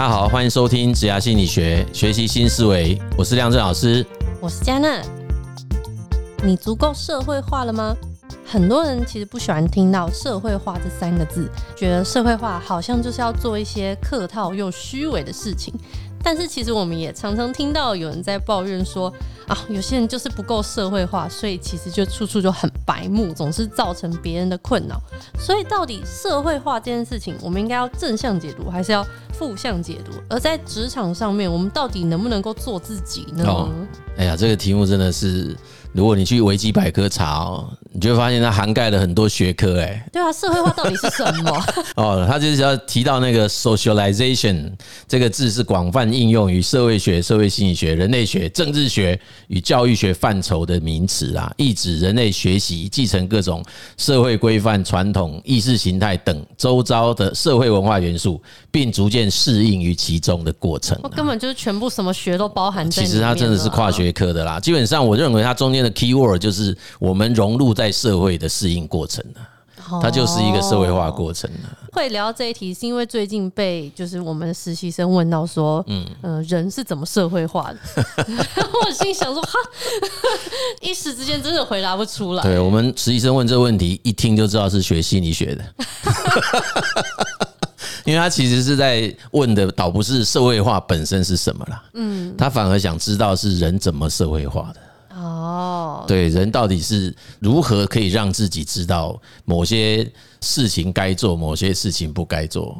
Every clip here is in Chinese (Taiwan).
大家好，歡迎收聽《職涯心理學》，學習新思維。我是亮震老師，我是嘉那。你足夠社會化了嗎？很多人其實不喜歡聽到“社會化”這三個字，覺得社會化好像就是要做一些客套又虛偽的事情。但是其實我們也常常聽到有人在抱怨說，啊，有些人就是不夠社會化，所以其實就處處就很白目，總是造成別人的困擾。所以到底社會化這件事情，我們應該要正向解讀，還是要負向解讀？而在職場上面，我們到底能不能夠做自己呢？哦，哎呀，這個題目真的是，如果你去維基百科查哦，你就會發現它涵蓋了很多學科。哎，對啊，社會化到底是什麼？ 哦，它就是要提到那個 socialization 這個字是廣泛應用於社會學、社會心理學、人類學、政治學。與教育學範疇的名詞啊，意指人類學習、繼承各種社會規範、傳統、意識形態等周遭的社會文化元素，並逐漸適應於其中的過程。我根本就是全部什麼學都包含。其實它真的是跨學科的啦，基本上我認為它中間的 key word 就是我們融入在社會的適應過程啦，它就是一個社會化過程了。會聊這一題，是因為最近被就是我們的實習生問到說、呃，嗯人是怎麼社會化的？嗯、 我心想說，哈，一時之間真的回答不出來、欸。對我們實習生問這個問題，一聽就知道是學心理學的，因為他其實是在問的，倒不是社會化本身是什麼啦，嗯，他反而想知道是人怎麼社會化的。哦，對，人到底是如何可以讓自己知道某些事情該做，某些事情不該做？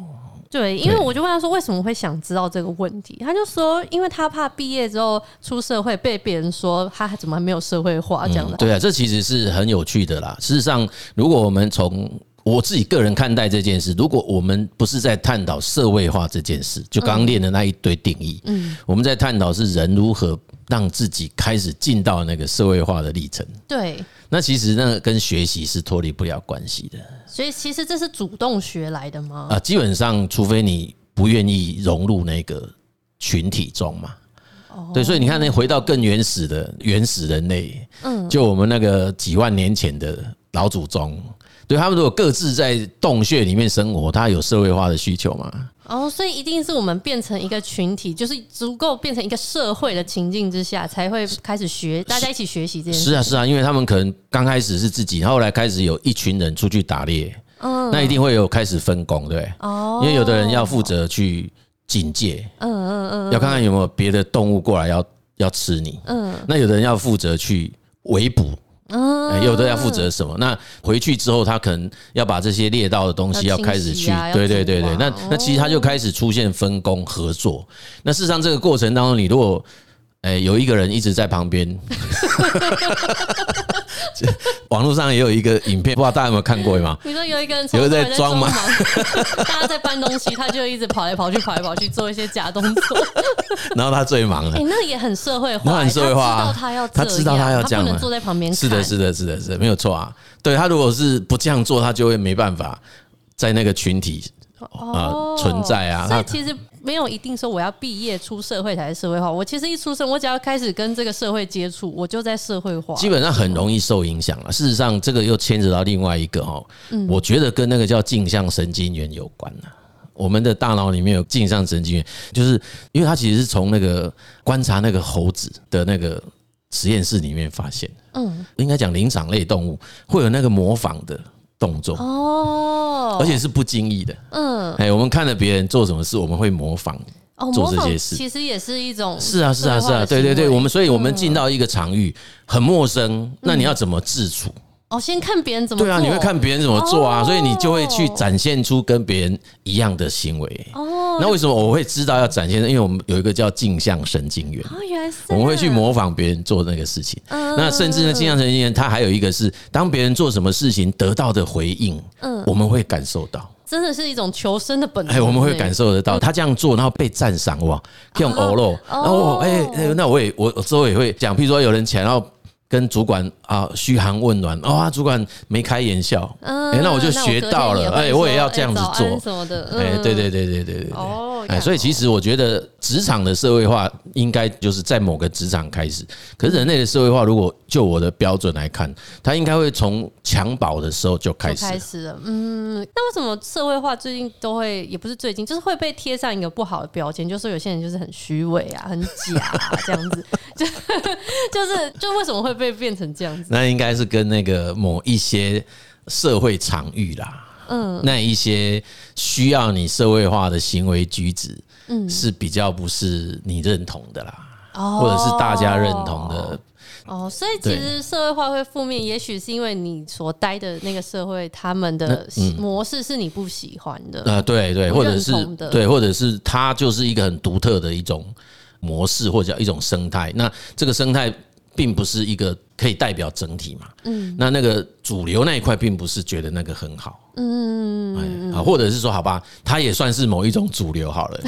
對，因為我就問他說，為什麼會想知道這個問題？對他就說，因為他怕畢業之後出社會被別人說他還怎麼還沒有社會化這樣的，嗯。對啊，這其實是很有趣的啦。事實上，如果我們從我自己個人看待這件事，如果我們不是在探討社會化這件事，就剛剛練的那一堆定義，嗯嗯、我們在探討是人如何讓自己開始進到那個社會化的歷程。對，那其實那個跟學習是脫離不了關係的。所以其實這是主動學來的嗎？啊、呃，基本上，除非你不願意融入那個群體中嘛。哦、對，所以你看，那回到更原始的原始人類，嗯，就我們那個幾萬年前的老祖宗。所以他們如果各自在洞穴裡面生活，他有社會化的需求嘛？哦，所以一定是我們變成一個群體，就是足夠變成一個社會的情境之下，才會開始學，大家一起學習這件事。是啊，是啊，因為他們可能剛開始是自己，後來開始有一群人出去打獵，嗯，那一定會有開始分工，對，哦，因為有的人要負責去警戒，嗯嗯嗯，要看看有沒有別的動物過來要要吃你，嗯，那有的人要負責去圍捕。有的要負責什麼？那回去之後，他可能要把這些獵到的東西要開始去，對對對對。那那其實他就開始出現分工合作。那事實上，這個過程當中，你如果欸、有一個人一直在旁邊。 網絡上也有一個影片，不知道大家有沒有看過嘛？你說有一個人，有人在裝忙，大家在搬東西，他就一直跑來跑去，跑來跑去做一些假動作。然後他最忙了。欸、那也很社會化、欸，很社會化、啊。他知道他要這樣的坐在旁邊。是的，是的，是的，是的，沒有錯啊。對，他如果是不這樣做，他就會沒辦法在那個群體。啊、呃，存在啊、哦那，所以其實沒有一定說我要畢業出社會才是社會化。我其實一出生，我只要開始跟這個社會接觸，我就在社會化。基本上很容易受影響了。事實上，這個又牽扯到另外一個哈、喔，我覺得跟那個叫鏡像神經元有關了。我們的大腦裡面有鏡像神經元，就是因為它其實是從那個觀察那個猴子的那個實驗室裡面發現的。嗯，應該講靈長類動物會有那個模仿的。動作哦，而且是不經意的，嗯，哎，我們看着別人做什麼事，我們會模仿做這些事，其實也是一種，是啊，是啊，是啊，啊、對對對，我們，所以我們進到一個場域很陌生，那你要怎麼自處？哦，oh, 先看別人怎麼做對啊！你會看別人怎麼做啊，oh. 所以你就會去展現出跟別人一樣的行為。哦，oh, 那為什麼我會知道要展現？因為我們有一個叫鏡像神經元。哦，oh, 原來是。我們會去模仿別人做那個事情。Oh. 那甚至呢，鏡像神經元它還有一個是，當別人做什麼事情得到的回應，嗯，oh. 我們會感受到。真的是一種求生的本能。Hey, 我們會感受得到，oh. 他這樣做然後被讚賞，哇，用喉嚨哦，然後那我也我之後也會講，譬如說有人想要跟主管。啊，噓寒問暖，哦啊，主管眉開眼笑，哎、嗯欸，那我就學到了，哎、欸，我也要這樣子做、欸、什麼的，哎、嗯欸，對對對對對對對，哦，哎、欸，所以其實我覺得職場的社會化應該就是在某個職場開始。可是人類的社會化，如果就我的標準來看，它應該會從襁褓的時候就開始，開始了，嗯，那為什麼社會化最近都會，也不是最近，就是會被貼上一個不好的標籤，就是有些人就是很虛偽啊，很假、啊、這樣子，就就是就為什麼會被變成這樣？那應該是跟那個某一些社會場域啦，嗯，那一些需要你社會化的行為舉止，嗯，是比較不是你認同的啦，哦、嗯，或者是大家認同的哦，哦，所以其實社會化會負面，對也許是因為你所待的那個社會，嗯、他們的模式是你不喜歡的，啊、呃，對對，或者是對，或者是它就是一個很獨特的一種模式，或者叫一種生態。那這個生態。並不是一個可以代表整體嘛。嗯，嗯，那那個主流那一塊，並不是覺得那個很好。嗯嗯，嗯，或者是說，好吧，它也算是某一種主流好了。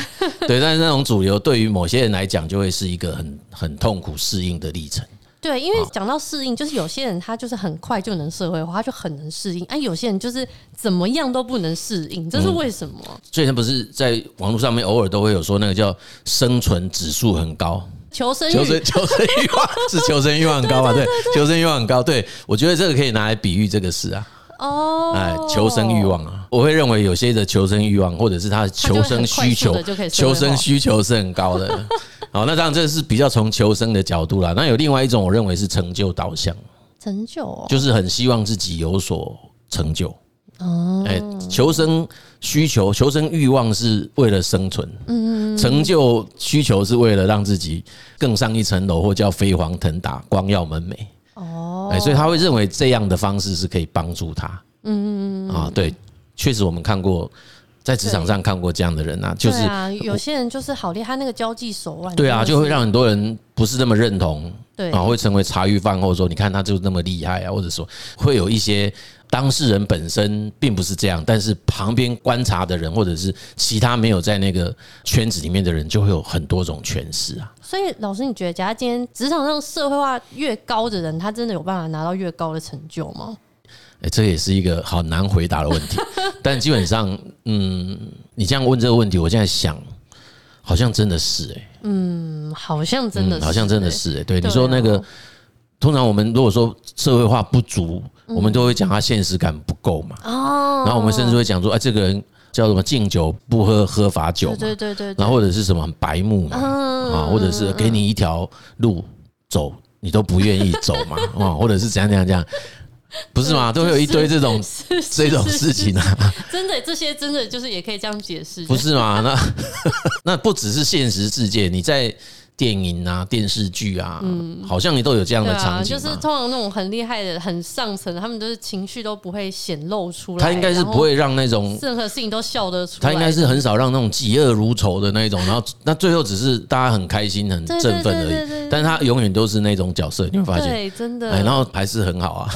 對，但是那種主流對於某些人來講，就會是一個很很痛苦適應的歷程。對，因為講到適應，就是有些人他就是很快就能社會化，他就很能適應，哎，有些人就是怎麼樣都不能適應，這是為什麼？最近不是在網絡上面偶爾都會有說，那個叫生存指數很高。求生欲，求生，求生欲望，是求生欲望很高嗎？對，求生欲望很高。對，我覺得這個可以拿來比喻這個事啊。哦，哎，求生欲望啊，我會認為有些的求生欲望，或者是他的求生需求，求生需求是很高的。好，那當然這是比較從求生的角度啦。那有另外一種，我認為是成就導向，成就就是很希望自己有所成就。哦，哎，求生。需求、求生欲望是為了生存，嗯嗯嗯，成就需求是為了讓自己更上一層樓，或叫飛黃騰達、光耀門楣哦。所以他會認為這樣的方式是可以幫助他，嗯啊，對，確實我們看過，在職場上看過這樣的人啊，就是有些人就是好厲害，那個交際手腕，對啊，就會讓很多人不是那麼認同。對啊，會成為茶餘飯後說，你看他就那麼厲害啊，或者說會有一些當事人本身並不是這樣，但是旁邊觀察的人或者是其他沒有在那個圈子裡面的人，就會有很多種詮釋啊。所以老師，你覺得，假如今天職場上社會化越高的人，他真的有辦法拿到越高的成就嗎？欸，這也是一個好難回答的問題。 但基本上，嗯，你這樣問這個問題，我現在想。好像真的是哎、欸，嗯，好像真的，好像真的是哎、欸，對，你說那個，通常我們如果說社會化不足，我們都會講他現實感不夠嘛，哦，然後我們甚至會講說，哎，這個人叫什麼？敬酒不喝喝罰酒嘛，對對對，然後或者是什麼白目嘛，啊，或者是給你一條路走，你都不願意走嘛，啊，或者是怎樣怎樣這樣。不是嗎？都會有一堆這種是是是這種事情啊！真的，這些真的就是也可以這樣解釋。不是嗎？那那不只是現實世界，你在電影啊，電視劇啊，嗯，好像你都有這樣的場景，就是通常那種很厲害的、很上層，他們都是情緒都不會顯露出來。他應該是不會讓那種任何事情都笑得出來。他應該是很少讓那種嫉惡如仇的那一種，然後那最後只是大家很開心、很振奮而已。但是他永遠都是那種角色，你會發現，真的，然後還是很好啊。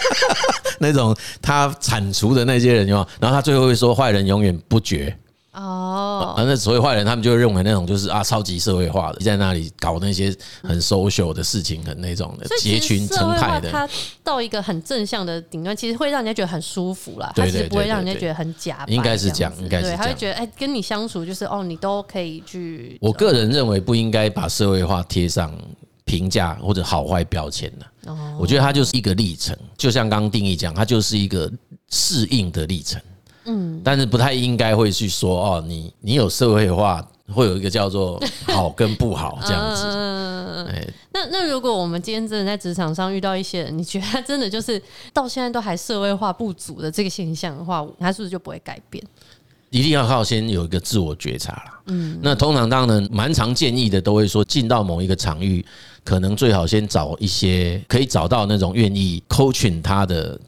那種他鏟除的那些人，然後他最後會說：“壞人永遠不絕。”哦，那正、oh, 所以壞人，他們就會認為那種就是啊，超級社會化的，在那裡搞那些很 social 的事情，嗯、很那種的結群成派的。所以它到一個很正向的頂端，其實會讓人家覺得很舒服啦，還是不會讓人家覺得很假應該。應該是這樣，應該是這樣，對，他會覺得哎，跟你相處就是哦，你都可以去。我個人認為不應該把社會化貼上評價或者好壞標籤的。Oh. 我覺得它就是一個歷程，就像剛剛定義講，它就是一個適應的歷程。嗯，但是不太應該會去說哦，你你有社會化，會有一個叫做好跟不好這樣子。 呃、唉那那如果我們今天真的在職場上遇到一些人，你覺得他真的就是到現在都還社會化不足的這個現象的話，他是不是就不會改變？一定要靠先有一個自我覺察啦。嗯，那通常當然蠻常建議的，都會說進到某一個場域，可能最好先找一些可以找到那種願意 coaching 他的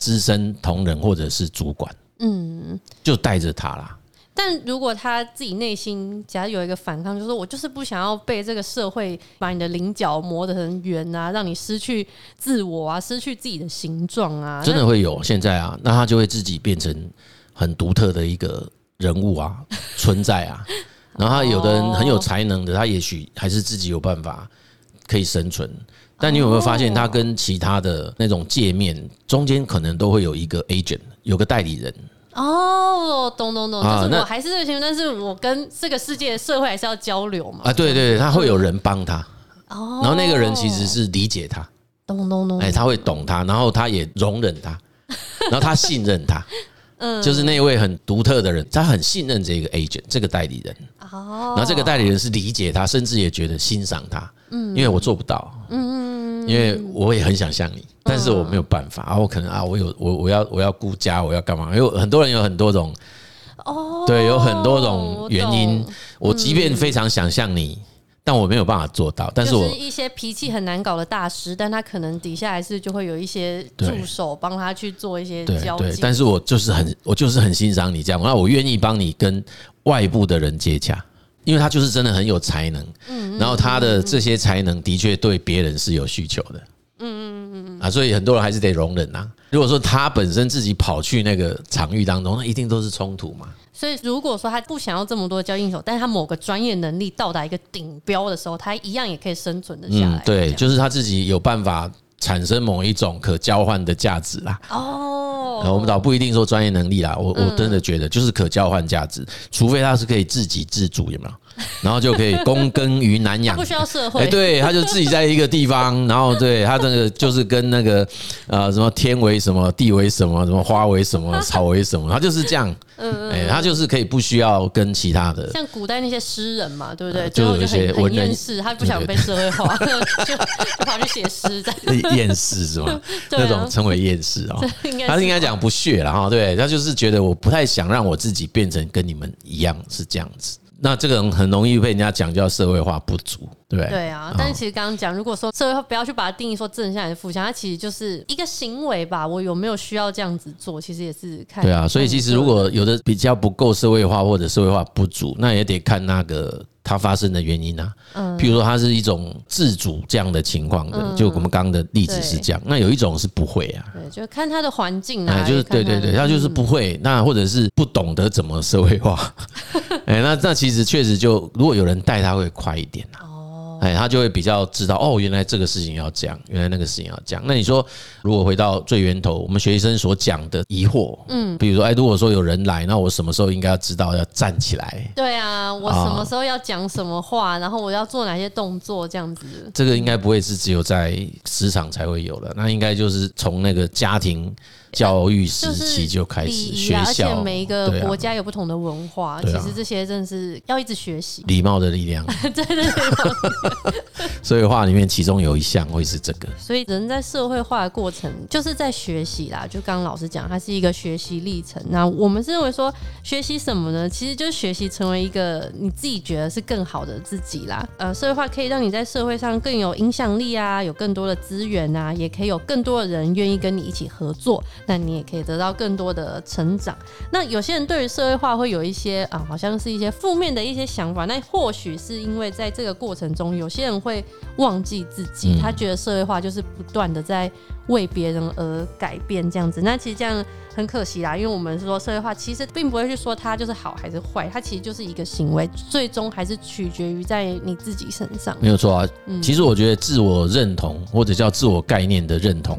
資深同仁或者是主管。嗯，就帶着他啦。但如果他自己內心假如有一個反抗，就是說“我就是不想要被這個社會把你的稜角磨得很圓啊，讓你失去自我啊，失去自己的形狀啊”，真的會有。現在啊，那他就會自己變成很獨特的一個人物啊， 存在啊。然後，他有的人很有才能的，他也許還是自己有辦法可以生存。但你有沒有發現，他跟其他的那種界面，中間可能都會有一個 agent，有個代理人。哦，懂懂懂，就是我還是這個情況，但是我跟這個世界的社會還是要交流嘛。啊，對對對，他會有人幫他。然後那個人其實是理解他。懂懂懂。哎，他會懂他，然後他也容忍他，然後他信任他。嗯，就是那位很獨特的人，他很信任這個 agent，這個代理人。哦，然後這個代理人是理解他，甚至也覺得欣賞他。嗯，因為我做不到。嗯，因為我也很想像你，但是我沒有辦法。我可能啊，我有我我要我要顧家，我要幹嘛？因為很多人有很多種。哦。對，有很多種原因。我即便非常想像你。但我沒有辦法做到，但是我是一些脾氣很難搞的大師，但他可能底下還是就會有一些助手幫他去做一些交接。對，對，對。但是我就是很，我就是很欣賞你這樣，那我願意幫你跟外部的人接洽，因為他就是真的很有才能，嗯，然後他的這些才能的確對別人是有需求的。啊，所以很多人還是得容忍吶、啊。如果說他本身自己跑去那個場域當中，那一定都是衝突嘛。所以如果說他不想要這麼多交際應酬，但是他某個專業能力到達一個頂標的時候，他一樣也可以生存得下來。對，就是他自己有辦法產生某一種可交換的價值啦。哦，我們倒不一定說專業能力啦，我我真的覺得就是可交換價值，除非他是可以自給自足，有沒有？然後就可以躬耕於南陽，不需要社會。對，他就自己在一個地方，然後對，他真的就是跟那個呃什麼天為什麼地為什麼什麼花為什麼草為什麼，他就是這樣。嗯，哎，他就是可以不需要跟其他的。像古代那些詩人嘛，對不對？就是一些文人，他不想被社會化， 就跑去寫詩，在厭世是吧？那種稱為厭世啊，喔。他是應該講不屑了哈。對，他就是覺得我不太想讓我自己變成跟你們一樣是這樣子。那這個人很容易被人家講叫社會化不足，對不對？對啊，但是其實剛剛講，如果說社會化不要去把它定義說正向還是負向，它其實就是一個行為吧。我有沒有需要這樣子做，其實也是看。對啊，所以其實如果有的比較不夠社會化或者社會化不足，那也得看那個。它發生的原因呢？嗯，比如說它是一種自主這樣的情況的，就我們剛剛的例子是這樣。那有一種是不會啊，就看它的環境啊，就是對對對，它就是不會。那或者是不懂得怎麼社會化，誒，那那其實確實就如果有人帶它會快一點吶、啊。哎，他就會比較知道哦，原來這個事情要講，原來那個事情要講。那你說，如果回到最源頭，我們學生所講的疑惑，嗯，比如說，哎，如果說有人來，那我什麼時候應該要知道要站起來？對啊，我什麼時候要講什麼話，然後我要做哪些動作，這樣子？這個應該不會是只有在職場才會有的，那應該就是從那個家庭。教育時期就開始學校，啊，而且每一個國家有不同的文化，啊啊啊，其實這些真的是要一直學習。禮貌的力量， 對對對，社會化裡面其中有一項會是這個。所以人在社會化的過程，就是在學習啦。就剛剛老師講，它是一個學習歷程。那我們是認為說，學習什麼呢？其實就是學習成為一個你自己覺得是更好的自己啦。呃，社會化可以讓你在社會上更有影響力啊，有更多的資源啊，也可以有更多的人願意跟你一起合作。那你也可以得到更多的成長。那有些人對於社會化會有一些啊，好像是一些負面的一些想法。那或許是因為在這個過程中，有些人會忘記自己，嗯，他覺得社會化就是不斷的在為別人而改變這樣子。那其實這樣很可惜啦，因為我們說社會化其實並不會去說它就是好還是壞，它其實就是一個行為，最終還是取決於在你自己身上。沒有錯啊，其實我覺得自我認同或者叫自我概念的認同。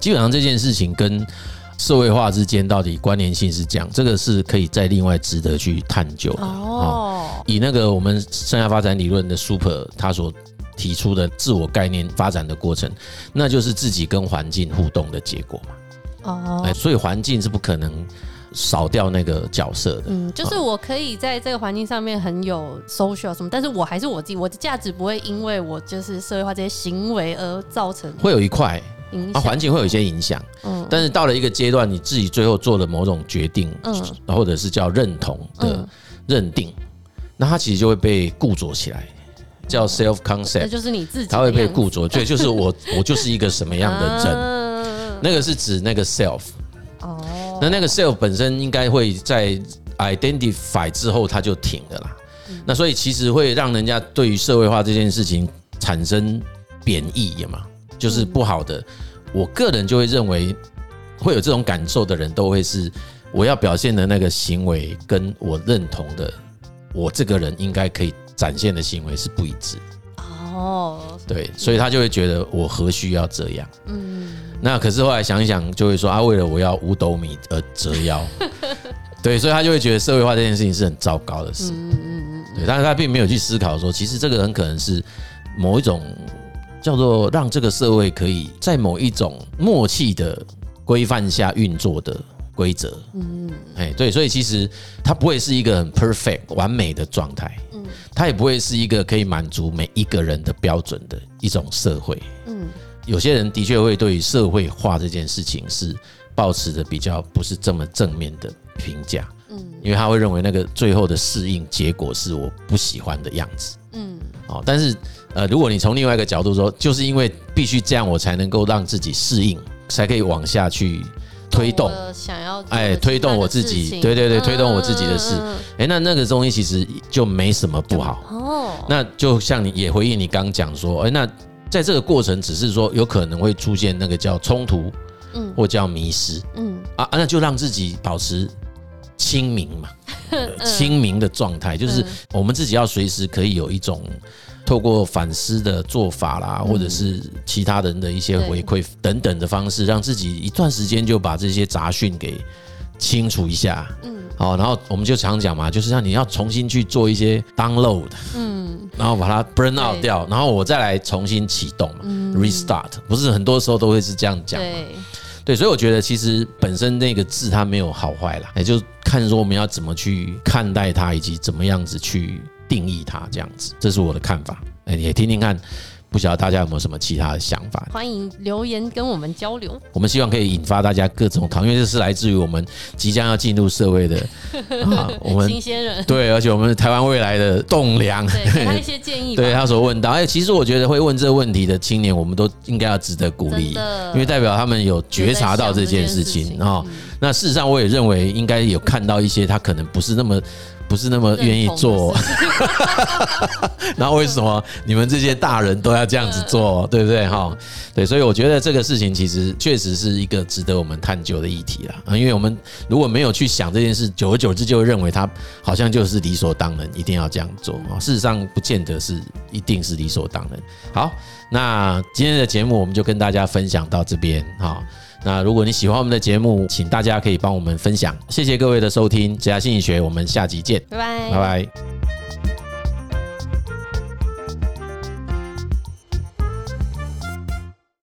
基本上這件事情跟社會化之間到底關聯性是這樣，這個是可以再另外值得去探究的。哦，以那個我們生涯發展理論的 Super 他所提出的自我概念發展的過程，那就是自己跟環境互動的結果嘛。哦，哎，所以環境是不可能少掉那個角色的。嗯，就是我可以在這個環境上面很有 social 什麼，但是我還是我自己，我的價值不會因為我就是社會化這些行為而造成。會有一塊。它環、啊、境會有一些影響，嗯，但是到了一個階段，你自己最後做了某種決定，嗯，或者是叫認同的認定，嗯、那它其實就會被固着起來，叫 self concept，哦、就是你自己，它會被固着，對，就是我， 我就是一個什麼樣的人，啊、那個是指那個 self，哦，那那個 self 本身應該會在 identify 之後它就停了啦，嗯、那所以其實會讓人家對於社會化這件事情產生貶義嘛。就是不好的，我個人就會認為，會有這種感受的人都會是我要表現的那個行為跟我認同的，我這個人應該可以展現的行為是不一致。哦，對，所以他就會覺得我何須要這樣？嗯，那可是後來想一想，就會說啊，為了我要五斗米而、呃、折腰，對，所以他就會覺得社會化這件事情是很糟糕的事。嗯嗯嗯，對，但是他並沒有去思考說，其實這個很可能是某一種。叫做讓這個社會可以在某一種默契的規範下運作的規則，嗯，哎，對，所以其實它不會是一個很 perfect 完美的狀態，嗯，它也不會是一個可以滿足每一個人的標準的一種社會，嗯，有些人的確會對社會化這件事情是抱持着比較不是這麼正面的評價，嗯，因為他會認為那個最後的適應結果是我不喜歡的樣子，嗯，好，但是。呃，如果你從另外一個角度說，就是因為必須這樣，我才能夠讓自己適應，才可以往下去推動，想要哎推動我自己，對對對，推動我自己的事。哎，那那個東西其實就沒什麼不好。哦，那就像你也回應你剛講說、欸，那在這個過程，只是說有可能會出現那個叫衝突，嗯，或叫迷失，嗯啊那就讓自己保持清明嘛，清明的狀態，就是我們自己要隨時可以有一種。透過反思的做法啦，或者是其他人的一些回饋等等的方式，讓自己一段時間就把這些雜訊給清除一下。嗯，好，然後我們就常講嘛，就是像你要重新去做一些 download，嗯，然後把它 burn out 掉，然後我再來重新啟動嘛，restart。不是很多時候都會是這樣講嘛，對，所以我覺得其實本身那個字它沒有好壞啦，也就看說我們要怎麼去看待它，以及怎麼樣子去。定義它這樣子，這是我的看法。哎、欸，你也聽聽看，不曉得大家有沒有什麼其他的想法？歡迎留言跟我們交流。我們希望可以引發大家各種討論，因為這是來自於我們即將要進入社會的 啊，我們新鮮人對，而且我們台灣未來的棟樑。對他一些建議，對他所問到。哎、欸，其實我覺得會問這個問題的青年，我們都應該要值得鼓勵，的因為代表他們有覺察到這件事情啊。那事實上，我也認為應該有看到一些他可能不是那麼。不是那麼願意做，那為什麼你們這些大人都要這樣子做，對不對哈？對，所以我覺得這個事情其實確實是一個值得我們探究的議題啦啊！因為我們如果沒有去想這件事，久而久之就會認為它好像就是理所當然，一定要這樣做啊。事實上，不見得是一定是理所當然。好，那今天的節目我們就跟大家分享到這邊哈。那如果你喜歡我們的節目，請大家可以幫我們分享，謝謝各位的收聽，職涯心理學，我們下集見，拜拜，拜拜。Bye.